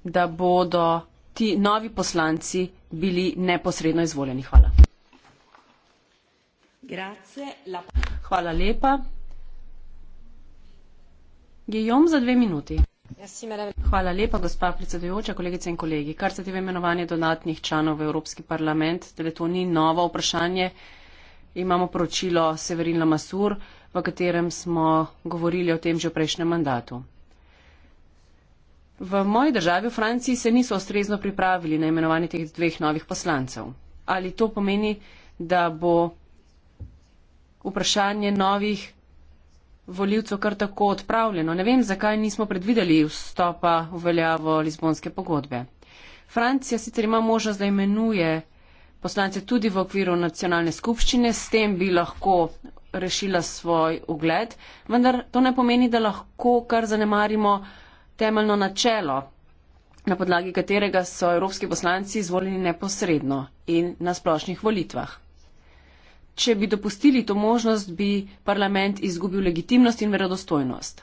da bodo ti novi poslanci bili neposredno izvoljeni. Hvala. Hvala lepa. Gijom za dve minuti. Hvala lepa, gospa predsedujoča, kolegice in kolegi. Kar se tebe imenovanje donatnih članov v Evropski parlament, tele to ni novo vprašanje. Imamo poročilo Severin Lamasur, v katerem smo govorili o tem že v prejšnjem mandatu. V moji državi v Franciji se niso ustrezno pripravili na imenovanje teh dveh novih poslancev. Ali to pomeni, da bo vprašanje novih voljivcev kar tako odpravljeno? Ne vem, zakaj nismo predvideli vstopa v veljavo Lizbonske pogodbe. Francija sicer ima možnost, da imenuje poslance tudi v okviru nacionalne skupščine, s tem bi lahko rešila svoj ugled, vendar to ne pomeni, da lahko kar zanemarimo temeljno načelo, na podlagi katerega so evropski poslanci izvoljeni neposredno in na splošnih volitvah. Če bi dopustili to možnost, bi parlament izgubil legitimnost in verodostojnost.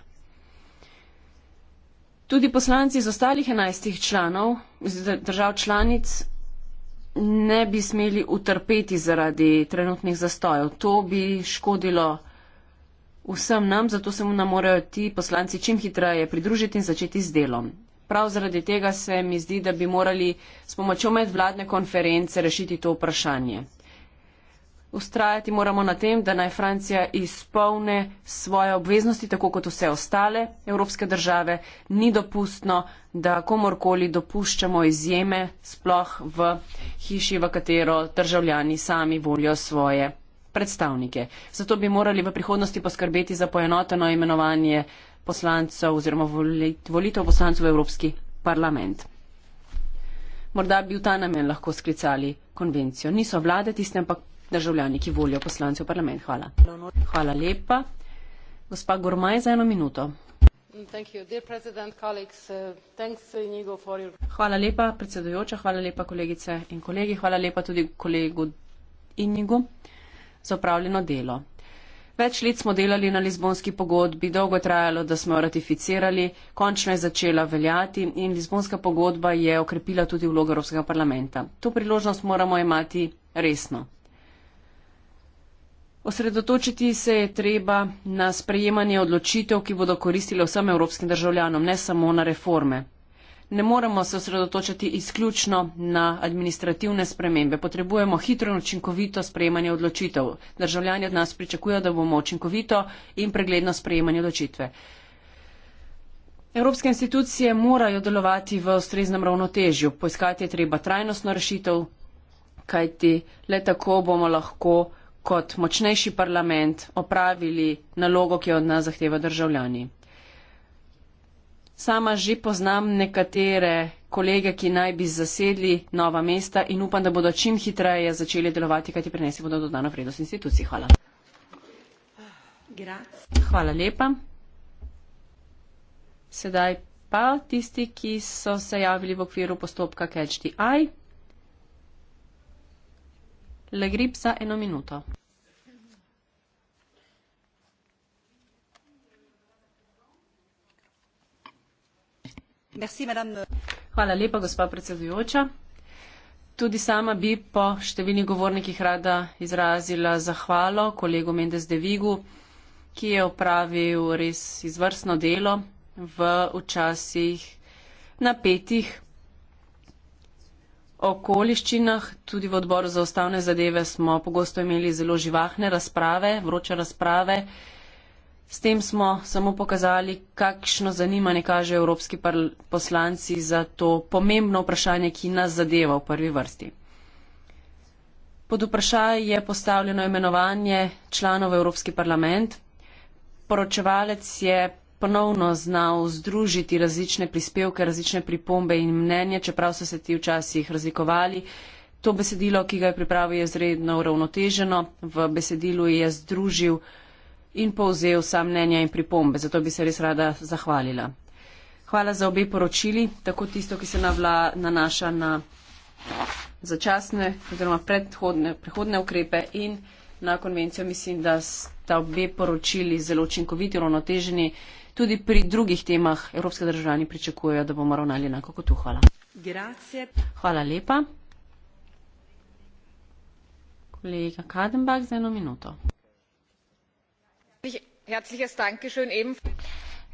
Tudi poslanci iz ostalih enajstih članov, držav članic, ne bi smeli utrpeti zaradi trenutnih zastojev. To bi škodilo vsem nam, zato se mu nam morajo ti poslanci čim hitreje pridružiti in začeti z delom. Prav zaradi tega se mi zdi, da bi morali s pomočjo medvladne konference rešiti to vprašanje. Ustrajati moramo na tem, da naj Francija izpolne svoje obveznosti, tako kot vse ostale evropske države. Ni dopustno, da komorkoli dopuščamo izjeme, sploh v hiši, v katero državljani sami volijo svoje predstavnike. Zato bi morali v prihodnosti poskrbeti za poenoteno imenovanje poslancev oziroma volitev poslancev v Evropski parlament. Morda bi v ta namen lahko sklicali konvencijo. Niso vlade tiste, ampak državljani, ki volijo poslance v parlament. Hvala. Hvala lepa. Gospa Gormaj za eno minuto. Uh, uh, hvala lepa, predsedujoča, hvala lepa, kolegice in kolegi, hvala lepa tudi kolegu Inigu za upravljeno delo. Več let smo delali na Lizbonski pogodbi, dolgo je trajalo, da smo jo ratificirali, končno je začela veljati in Lizbonska pogodba je okrepila tudi vlogo Evropskega parlamenta. To priložnost moramo imati resno. Osredotočiti se je treba na sprejemanje odločitev, ki bodo koristile vsem evropskim državljanom, ne samo na reforme ne moremo se osredotočiti izključno na administrativne spremembe. Potrebujemo hitro in učinkovito sprejemanje odločitev. Državljani od nas pričakujejo, da bomo učinkovito in pregledno sprejemanje odločitve. Evropske institucije morajo delovati v ustreznem ravnotežju. Poiskati je treba trajnostno rešitev, kajti le tako bomo lahko kot močnejši parlament opravili nalogo, ki jo od nas zahteva državljani. Sama že poznam nekatere kolege, ki naj bi zasedli nova mesta in upam, da bodo čim hitreje začeli delovati, kajti prinesli bodo dodano vrednost institucij. Hvala. Hvala lepa. Sedaj pa tisti, ki so se javili v okviru postopka Catch the Eye. Le grip za eno minuto. Hvala lepa, gospa predsedujoča. Tudi sama bi po številnih govornikih rada izrazila zahvalo kolegu Mendes de Vigu, ki je opravil res izvrstno delo v včasih napetih okoliščinah. Tudi v odboru za ustavne zadeve smo pogosto imeli zelo živahne razprave, vroče razprave. S tem smo samo pokazali, kakšno zanimanje kažejo evropski poslanci za to pomembno vprašanje, ki nas zadeva v prvi vrsti. Pod vprašaj je postavljeno imenovanje članov Evropski parlament. Poročevalec je ponovno znal združiti različne prispevke, različne pripombe in mnenje, čeprav so se ti včasih razlikovali. To besedilo, ki ga je pripravil, je izredno uravnoteženo. V besedilu je združil in povzel vsa mnenja in pripombe, zato bi se res rada zahvalila. Hvala za obe poročili, tako tisto, ki se navla, nanaša na začasne oziroma prehodne ukrepe in na konvencijo. Mislim, da sta obe poročili zelo učinkoviti, ravnoteženi. Tudi pri drugih temah evropske državljani pričakujejo, da bomo ravnali enako kot tu. Hvala. Grazie. Hvala lepa. Kolega Kadenbach za eno minuto.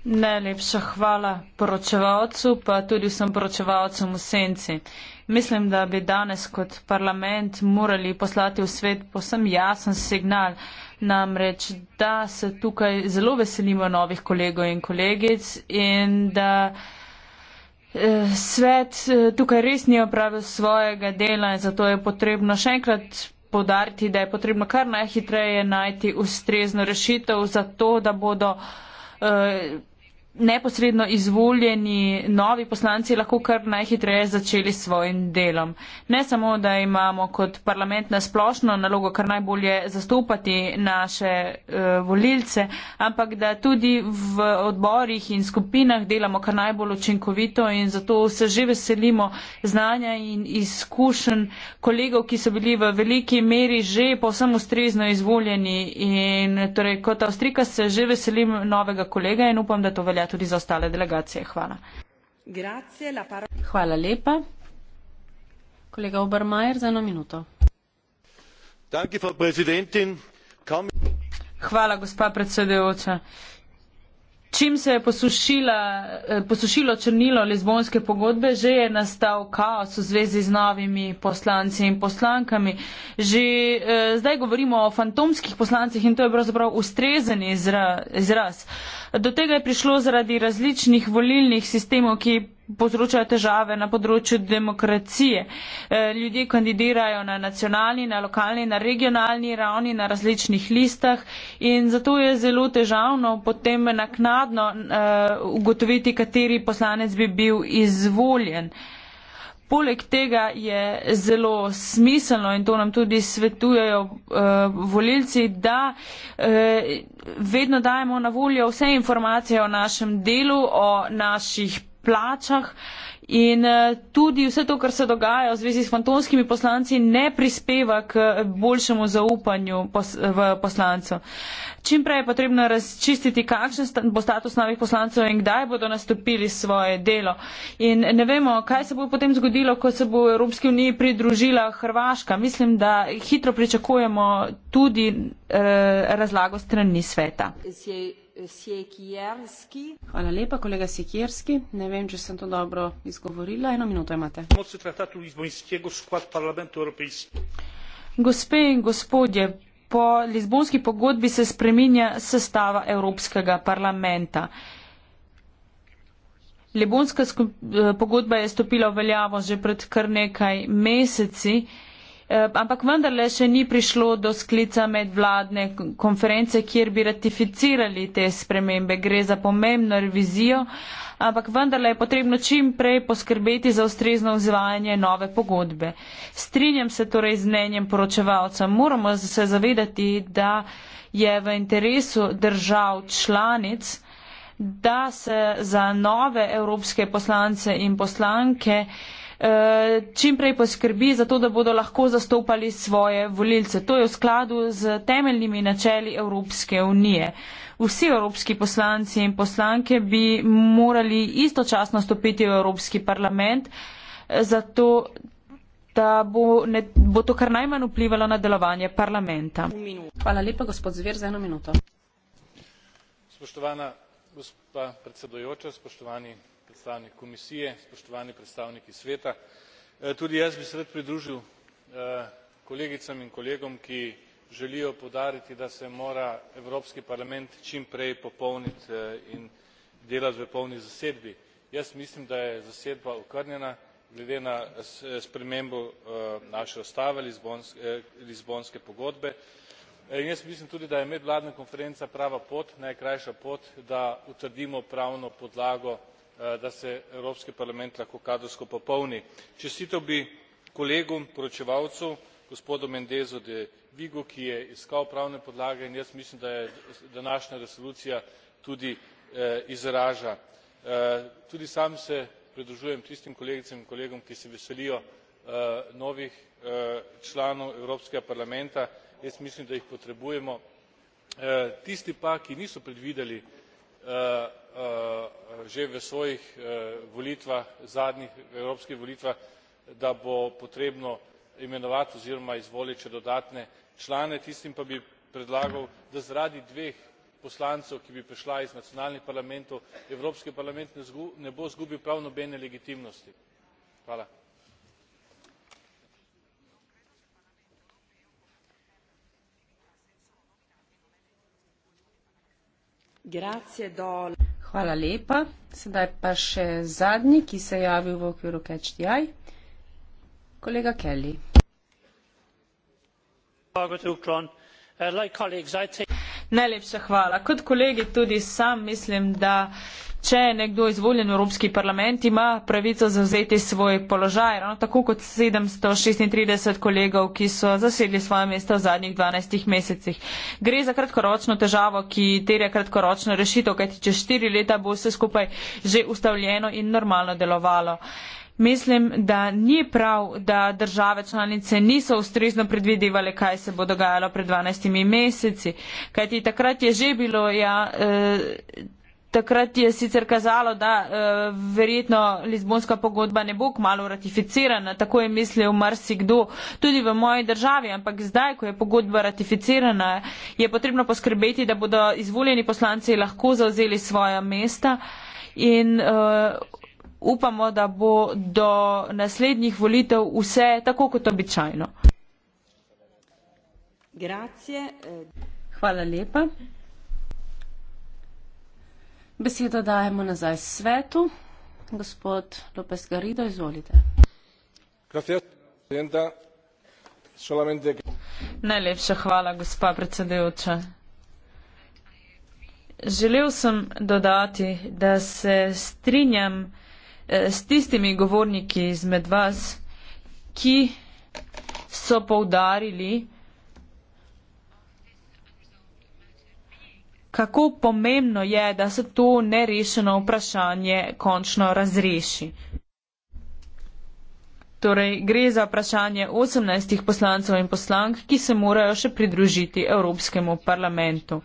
Najlepša hvala poročevalcu, pa tudi vsem poročevalcem v senci. Mislim, da bi danes kot parlament morali poslati v svet posem jasen signal, namreč, da se tukaj zelo veselimo novih kolegov in kolegic in da eh, svet eh, tukaj res ni opravil svojega dela in zato je potrebno še enkrat podariti, da je potrebno kar najhitreje najti ustrezno rešitev za to, da bodo. Uh, neposredno izvoljeni novi poslanci lahko kar najhitreje začeli s svojim delom. Ne samo, da imamo kot parlament na splošno nalogo kar najbolje zastopati naše uh, volilce, ampak da tudi v odborih in skupinah delamo kar najbolj učinkovito in zato se že veselimo znanja in izkušenj kolegov, ki so bili v veliki meri že povsem ustrezno izvoljeni. In, torej, kot avstrika se že veselim novega kolega in upam, da to velja velja tudi za ostale delegacije. Hvala. Hvala lepa. Kolega Obermajer za eno minuto. Hvala, gospa predsedujoča čim se je eh, posušilo črnilo lizbonske pogodbe, že je nastal kaos v zvezi z novimi poslanci in poslankami. Že eh, zdaj govorimo o fantomskih poslancih in to je pravzaprav ustrezen izra, izraz. Do tega je prišlo zaradi različnih volilnih sistemov, ki povzročajo težave na področju demokracije. E, ljudje kandidirajo na nacionalni, na lokalni, na regionalni ravni, na različnih listah in zato je zelo težavno potem naknadno e, ugotoviti, kateri poslanec bi bil izvoljen. Poleg tega je zelo smiselno in to nam tudi svetujejo uh, volilci, da uh, vedno dajemo na voljo vse informacije o našem delu, o naših plačah in eh, tudi vse to, kar se dogaja v zvezi s fantomskimi poslanci, ne prispeva k boljšemu zaupanju pos v poslancev. Čim prej je potrebno razčistiti, kakšen bo status novih poslancev in kdaj bodo nastopili svoje delo. In ne vemo, kaj se bo potem zgodilo, ko se bo Evropski uniji pridružila Hrvaška. Mislim, da hitro pričakujemo tudi eh, razlago strani sveta. Sjekjerski. Hvala lepa, kolega Sjekjerski. Ne vem, če sem to dobro izgovorila. Eno minuto imate. Gospe in gospodje, po Lizbonski pogodbi se spreminja sestava Evropskega parlamenta. Lizbonska eh, pogodba je stopila v veljavo že pred kar nekaj meseci. Eh, ampak vendarle še ni prišlo do sklica medvladne konference, kjer bi ratificirali te spremembe. Gre za pomembno revizijo, ampak vendarle je potrebno čim prej poskrbeti za ustrezno vzvajanje nove pogodbe. Strinjam se torej z mnenjem poročevalca. Moramo se zavedati, da je v interesu držav članic, da se za nove evropske poslance in poslanke eh, Eh, čim prej poskrbi za to, da bodo lahko zastopali svoje volilce. To je v skladu z temeljnimi načeli Evropske unije. Vsi evropski poslanci in poslanke bi morali istočasno stopiti v Evropski parlament, eh, zato da bo, ne, bo to kar najmanj vplivalo na delovanje parlamenta. Hvala lepa, gospod Zver, za eno minuto. Spoštovana gospa predsedujoča, spoštovani predstavnik komisije spoštovani predstavniki sveta e, tudi jaz bi se rad pridružil e, kolegicam in kolegom ki želijo poudariti da se mora evropski parlament čim prej popolniti e, in delati v polni zasedbi. jaz mislim da je zasedba okrnjena glede na spremembo naše ustave lizbonske pogodbe in jaz mislim tudi da je medvladna konferenca prava pot najkrajša pot da utrdimo pravno podlago Eh, da se evropski parlament lahko kadrovsko popolni. čestital bi kolegu poročevalcu gospodu mendezu de vigu ki je iskal pravne podlage in jaz mislim da je današnja resolucija tudi eh, izraža. Eh, tudi sam se pridružujem tistim kolegicam in kolegom ki se veselijo novih članov evropskega parlamenta jaz mislim da jih potrebujemo. tisti pa ki niso predvideli Eh, eh, že v svojih eh, volitvah zadnjih evropskih volitvah da bo potrebno imenovati oziroma izvoliti še dodatne člane tistim pa bi predlagal da zaradi dveh poslancev ki bi prišla iz nacionalnih parlamentov evropski parlament ne bo izgubil prav nobene legitimnosti. Hvala lepa. Sedaj pa še zadnji, ki se je javil v okviru CatchDI. Kolega Kelly. Uh, Najlepša hvala. Kot kolegi tudi sam mislim, da Če je nekdo izvoljen v Evropski parlament, ima pravico zavzeti svoj položaj, ravno tako kot 736 kolegov, ki so zasedli svoje mesto v zadnjih 12 mesecih. Gre za kratkoročno težavo, ki terja kratkoročno rešitev, kajti čez 4 leta bo vse skupaj že ustavljeno in normalno delovalo. Mislim, da ni prav, da države članice niso ustrezno predvidevale, kaj se bo dogajalo pred 12 meseci, kajti takrat je že bilo. Ja, eh, Takrat je sicer kazalo, da e, verjetno Lizbonska pogodba ne bo kmalo ratificirana, tako je mislil marsikdo tudi v moji državi, ampak zdaj, ko je pogodba ratificirana, je potrebno poskrbeti, da bodo izvoljeni poslanci lahko zauzeli svoja mesta in e, upamo, da bo do naslednjih volitev vse tako kot običajno. Grazie. Eh. Hvala lepa. Besedo dajemo nazaj svetu. Gospod López Garrido, izvolite. Najlepša hvala, gospa predsedujoča. Želel sem dodati, da se strinjam eh, s tistimi govorniki izmed vas, ki so poudarili, da kako pomembno je, da se to nerešeno vprašanje končno razreši. Torej, gre za vprašanje 18 poslancev in poslank, ki se morajo še pridružiti Evropskemu parlamentu.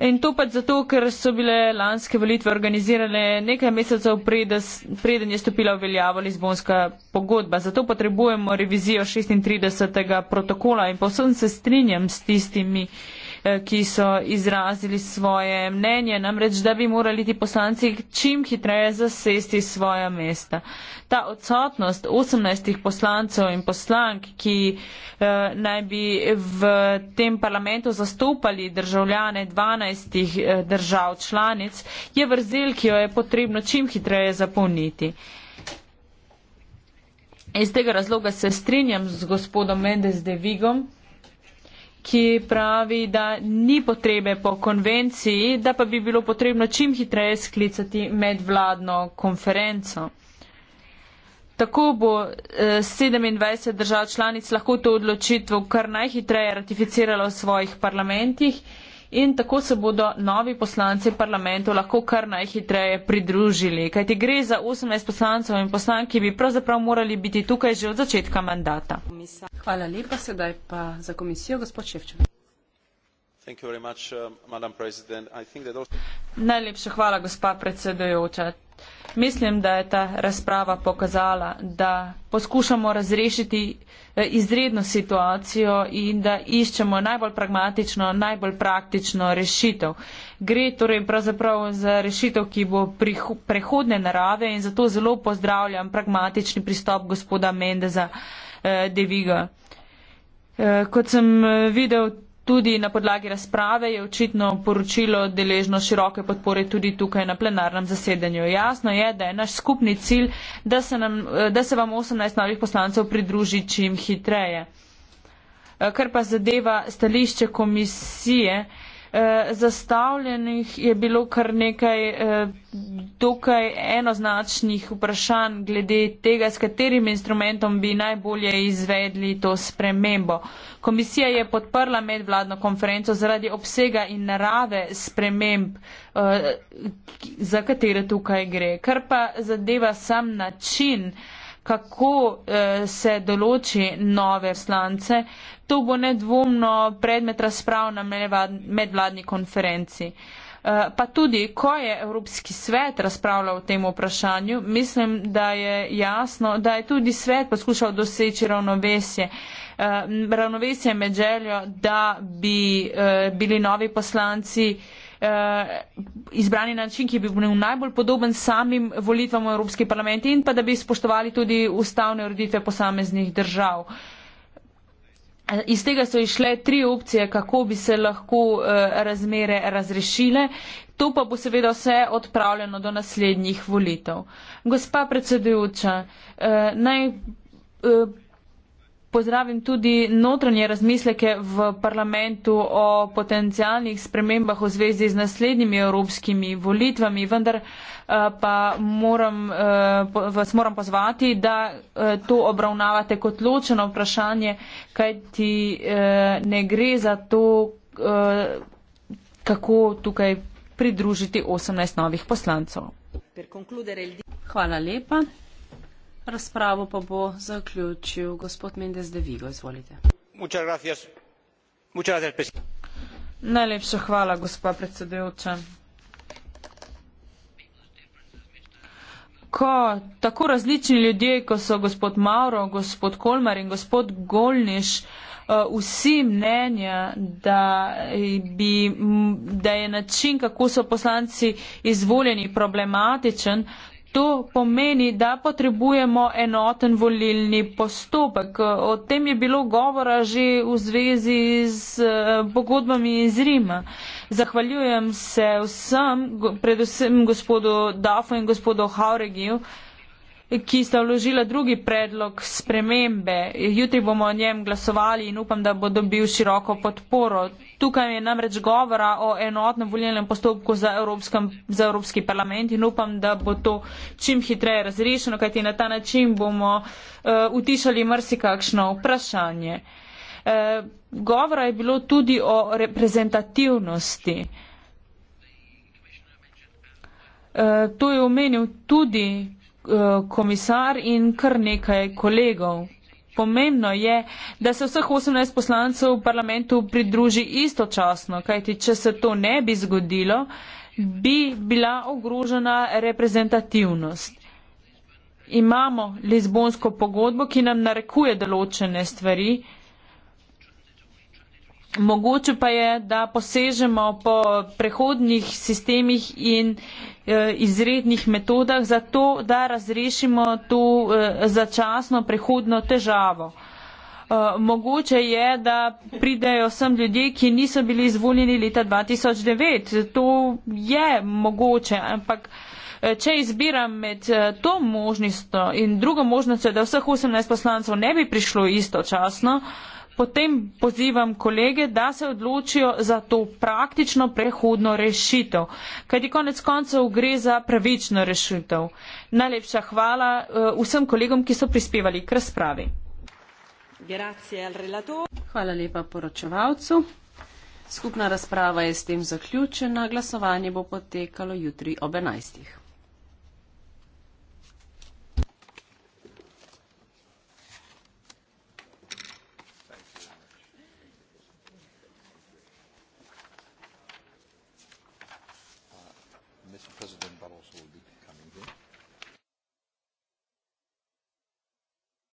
In to pač zato, ker so bile lanske volitve organizirane nekaj mesecev preden je stopila v veljavo Lizbonska pogodba. Zato potrebujemo revizijo 36. protokola in povsem se strinjam s tistimi, uh, Eh, ki so izrazili svoje mnenje, namreč da bi morali ti poslanci čim hitreje zasesti svoja mesta. Ta odsotnost 18 poslancev in poslank, ki eh, naj bi v tem parlamentu zastopali državljane 12 eh, držav članic, je vrzel, ki jo je potrebno čim hitreje zapolniti. Iz tega razloga se strinjam z gospodom Mendes de Vigom, ki pravi, da ni potrebe po konvenciji, da pa bi bilo potrebno čim hitreje sklicati medvladno konferenco. Tako bo 27 eh, držav članic lahko to odločitvo kar najhitreje ratificiralo v svojih parlamentih in tako se bodo novi poslanci parlamentu lahko kar najhitreje pridružili. Kajti gre za 18 poslancev in poslank, ki bi pravzaprav morali biti tukaj že od začetka mandata. Hvala lepa, sedaj pa za komisijo, gospod Ševčev. Much, uh, also... Najlepša hvala, gospa predsedujoča. Mislim, da je ta razprava pokazala, da poskušamo razrešiti eh, izredno situacijo in da iščemo najbolj pragmatično, najbolj praktično rešitev. Gre torej pravzaprav za rešitev, ki bo prehodne narave in zato zelo pozdravljam pragmatični pristop gospoda Mendeza eh, Deviga. Eh, kot sem videl Tudi na podlagi razprave je očitno poročilo deležno široke podpore tudi tukaj na plenarnem zasedanju. Jasno je, da je naš skupni cilj, da se, nam, da se vam 18 novih poslancev pridruži čim hitreje. Kar pa zadeva stališče komisije, Eh, zastavljenih je bilo kar nekaj eh, dokaj enoznačnih vprašanj glede tega, s katerim instrumentom bi najbolje izvedli to spremembo. Komisija je podprla medvladno konferenco zaradi obsega in narave sprememb, eh, za katere tukaj gre. Kar pa zadeva sam način, kako eh, se določi nove slance, to bo nedvomno predmet razprav na medvladni konferenci. Eh, pa tudi, ko je Evropski svet razpravljal o tem vprašanju, mislim, da je jasno, da je tudi svet poskušal doseči ravnovesje. Eh, ravnovesje med željo, da bi bili novi poslanci Eh, izbrani način, ki bi bil najbolj podoben samim volitvam v Evropski parlament in pa da bi spoštovali tudi ustavne ureditve posameznih držav. Eh, iz tega so išle tri opcije, kako bi se lahko eh, razmere razrešile. To pa bo seveda vse odpravljeno do naslednjih volitev. Gospa predsedujoča, naj Pozdravim tudi notranje razmisleke v parlamentu o potencijalnih spremembah v zvezi z naslednjimi evropskimi volitvami, vendar eh, pa moram, eh, vas moram pozvati, da eh, to obravnavate kot ločeno vprašanje, kaj ti ne gre za to, kako tukaj pridružiti 18 novih poslancov. Hvala lepa. Razpravo pa bo zaključil gospod Mendes de Vigo. Izvolite. Muchas gracias. Muchas gracias, Najlepša hvala, gospa predsedujoča. Ko tako različni ljudje, ko so gospod Mauro, gospod Kolmar in gospod Golniš, eh, vsi mnenja, da, bi, da je način, kako so poslanci izvoljeni, problematičen, To pomeni, da potrebujemo enoten volilni postopek. O tem je bilo govora že v zvezi z eh, pogodbami iz Rima. Zahvaljujem se vsem, predvsem gospodu Dafu in gospodu Hauregiju, ki sta vložila drugi predlog spremembe. Jutri bomo o njem glasovali in upam, da bo dobil široko podporo. Tukaj je namreč govora o enotnem voljenem postopku za, Evropskem, za Evropski parlament in upam, da bo to čim hitreje razrešeno, kajti na ta način bomo uh, utišali mrsikakšno vprašanje. Uh, govora je bilo tudi o reprezentativnosti. Uh, to je omenil tudi Eh, komisar in kar nekaj kolegov. Pomembno je, da se vseh 18 poslancev v parlamentu pridruži istočasno, kajti če se to ne bi zgodilo, bi bila ogrožena reprezentativnost. Imamo Lizbonsko pogodbo, ki nam narekuje določene stvari, mogoče pa je, da posežemo po prehodnih sistemih in e, izrednih metodah za to, da razrešimo to e, začasno prehodno težavo. E, mogoče je, da pridejo sem ljudje, ki niso bili izvoljeni leta 2009. To je mogoče, ampak če izbiram med to možnostjo in drugo možnostjo, da vseh 18 poslancev ne bi prišlo istočasno, potem pozivam kolege, da se odločijo za to praktično prehodno rešitev, kajti konec koncev gre za pravično rešitev. Najlepša hvala eh, vsem kolegom, ki so prispevali k razpravi. Hvala lepa poročevalcu. Skupna razprava je s tem zaključena, glasovanje bo potekalo jutri ob 11.